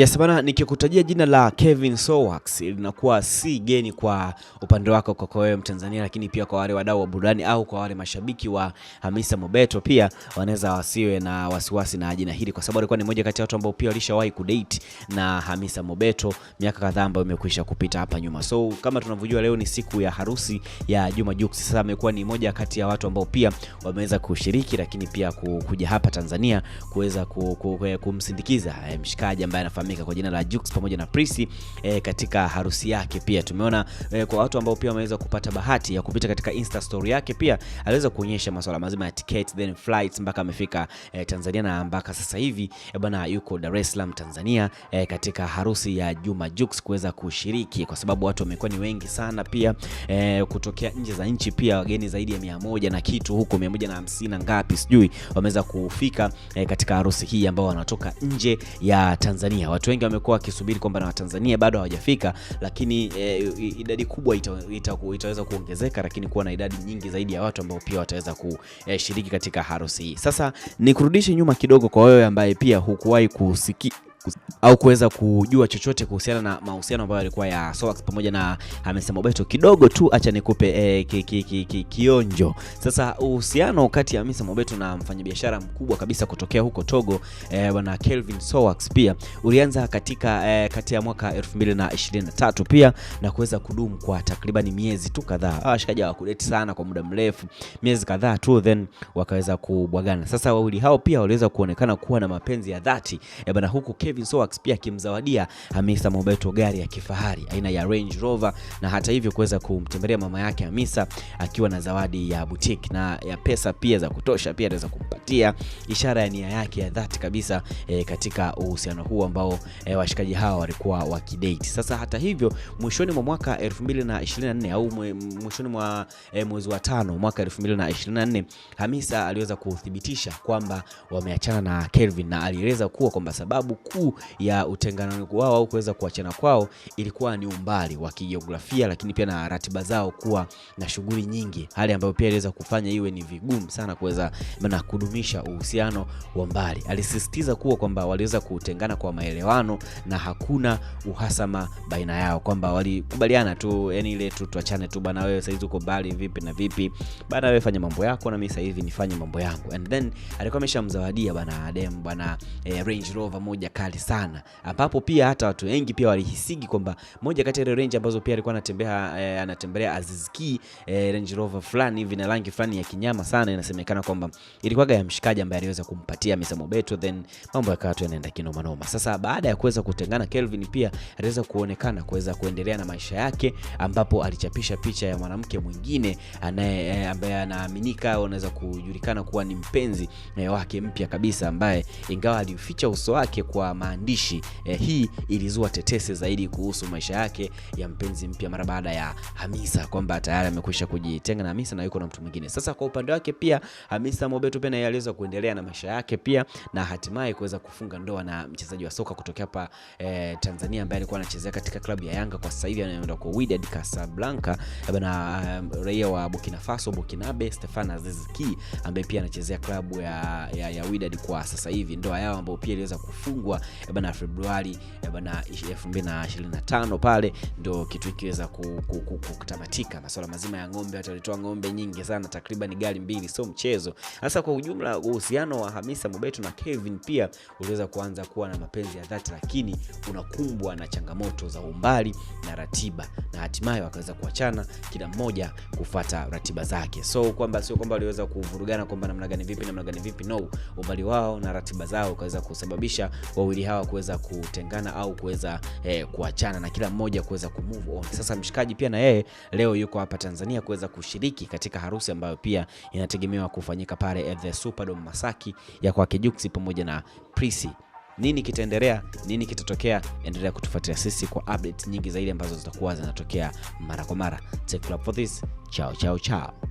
Yes bana, nikikutajia jina la Kevin Sowax linakuwa si geni kwa upande wako kwa wewe Mtanzania, lakini pia kwa wale wadau wa burudani au kwa wale mashabiki wa Hamisa Mobeto pia wanaweza wasiwe na wasiwasi na jina hili, kwa sababu alikuwa ni mmoja kati ya watu ambao pia walishawahi kudate na Hamisa Mobeto miaka kadhaa ambayo imekwisha kupita hapa nyuma. So kama tunavyojua, leo ni siku ya harusi ya Juma Jux. Sasa amekuwa ni mmoja kati ya watu ambao pia wameweza kushiriki, lakini pia kuja hapa Tanzania kuweza kumsindikiza eh, mshikaji ambaye anafahamika anafahamika kwa jina la Jux pamoja na Prisi eh, katika harusi yake. Pia tumeona eh, kwa watu ambao pia wameweza kupata bahati ya kupita katika Insta story yake, pia aliweza kuonyesha masuala mazima ya tickets then flights mpaka amefika eh, Tanzania na mpaka sasa hivi eh, bwana yuko Dar es Salaam Tanzania eh, katika harusi ya Juma Jux kuweza kushiriki, kwa sababu watu wamekuwa ni wengi sana pia eh, kutokea nje za nchi pia wageni zaidi ya mia moja na kitu huko mia moja na hamsini na ngapi sijui wameweza kufika eh, katika harusi hii ambao wanatoka nje ya Tanzania watu wengi wamekuwa wakisubiri kwamba na Watanzania bado hawajafika, lakini e, idadi kubwa ita, ita, itaweza kuongezeka, lakini kuwa na idadi nyingi zaidi ya watu ambao pia wataweza kushiriki eh, katika harusi hii. Sasa nikurudishe nyuma kidogo kwa wewe ambaye pia hukuwahi kusikia au kuweza kujua chochote kuhusiana na mahusiano ambayo yalikuwa ya Sox pamoja na amesema Mobeto. Kidogo tu acha nikupe eh, ki, ki, ki, ki, kionjo. Sasa uhusiano kati ya Hamisa Mobeto na mfanyabiashara mkubwa kabisa kutokea huko Togo eh, bwana Kelvin Sox pia ulianza katika eh, kati ya mwaka 2023 pia na kuweza kudumu kwa takriban miezi tu kadhaa. Ah, Awashikaji hawakudeti sana kwa muda mrefu, miezi kadhaa tu, then wakaweza kubwagana. Sasa wawili hao pia waliweza kuonekana kuwa na mapenzi ya dhati eh, bwana huku Kelvin Kevin Sowax pia akimzawadia Hamisa Mobeto gari ya kifahari aina ya Range Rover, na hata hivyo kuweza kumtembelea mama yake Hamisa akiwa na zawadi ya boutique na ya pesa pia za kutosha, pia anaweza kumpatia ishara ya nia yake ya dhati kabisa e, katika uhusiano huu ambao e, washikaji hawa walikuwa wakidate. Sasa hata hivyo mwishoni mwa mwaka 2024 au mwishoni mwa e, mwezi wa tano mwaka 2024 Hamisa aliweza kuthibitisha kwamba wameachana na Kelvin na alieleza kuwa kwamba sababu ku hofu ya utengano wao au kuweza kuachana kwao ilikuwa ni umbali wa kijiografia, lakini pia na ratiba zao kuwa na shughuli nyingi, hali ambayo pia iliweza kufanya iwe ni vigumu sana kuweza na kudumisha uhusiano wa mbali. Alisisitiza kuwa kwamba waliweza kutengana kwa maelewano na hakuna uhasama baina yao, kwamba walikubaliana tu, yani ile tu tuachane tu bana, wewe saizi uko mbali vipi na vipi bana, wewe fanya mambo yako na mimi sasa hivi nifanye mambo yangu. And then alikuwa ameshamzawadia bana Adem bana eh, Range Rover moja kali kali sana, ambapo pia hata watu wengi pia walihisigi kwamba moja kati ya ile range ambazo pia alikuwa anatembea eh, anatembelea Aziz Ki eh, Range Rover fulani hivi na rangi fulani ya kinyama sana, inasemekana kwamba ilikuwa ya mshikaji ambaye aliweza kumpatia Mr. Mobeto, then mambo yakawa tu yanaenda kinoma noma. Sasa baada ya kuweza kutengana, Kelvin pia aliweza kuonekana kuweza kuendelea na maisha yake, ambapo alichapisha picha ya mwanamke mwingine anaye eh, ambaye anaaminika anaweza kujulikana kuwa ni mpenzi eh, wake mpya kabisa ambaye ingawa alificha uso wake kwa maandishi eh. Hii ilizua tetesi zaidi kuhusu maisha yake ya mpenzi mpya mara baada ya Hamisa kwamba tayari amekwisha kujitenga na Hamisa na yuko na mtu mwingine. Sasa kwa upande wake pia Hamisa Mobeto pia naye aliweza kuendelea na maisha yake pia na hatimaye kuweza kufunga ndoa na mchezaji wa soka kutoka hapa eh, Tanzania ambaye alikuwa anachezea katika klabu ya Yanga, kwa sasa hivi anaenda kwa Wydad Casablanca eh, bana, eh, raia wa Burkina Faso Burkinabe Stefan Aziz Ki ambaye pia anachezea klabu ya, ya, ya Wydad kwa sasa hivi, ndoa yao ambayo pia iliweza kufungwa bana Februari bana 2025 pale ndo kitu ikiweza kutamatika. Masuala mazima ya ng'ombe, watalitoa ng'ombe nyingi sana, takriban gari mbili, sio mchezo. hasa kwa ujumla, uhusiano wa Hamisa Mobeto na Kevin pia uliweza kuanza kuwa na mapenzi ya dhati, lakini unakumbwa na changamoto za umbali na ratiba, na hatimaye wakaweza kuachana, kila mmoja kufata ratiba zake. So kwamba sio kwamba waliweza kuvurugana kwamba namna gani vipi namna gani vipi, no, umbali wao na ratiba zao ukaweza kusababisha wawili wawili hawa kuweza kutengana au kuweza eh, kuachana na kila mmoja kuweza kumove on. Sasa mshikaji pia na yeye leo yuko hapa Tanzania kuweza kushiriki katika harusi ambayo pia inategemewa kufanyika pale at the Superdome Masaki ya kwake Juksi pamoja na Prisi. Nini kitaendelea? Nini kitatokea? Endelea kutufuatia sisi kwa update nyingi zaidi ambazo zitakuwa zinatokea mara kwa mara. Take for this. Chao chao chao.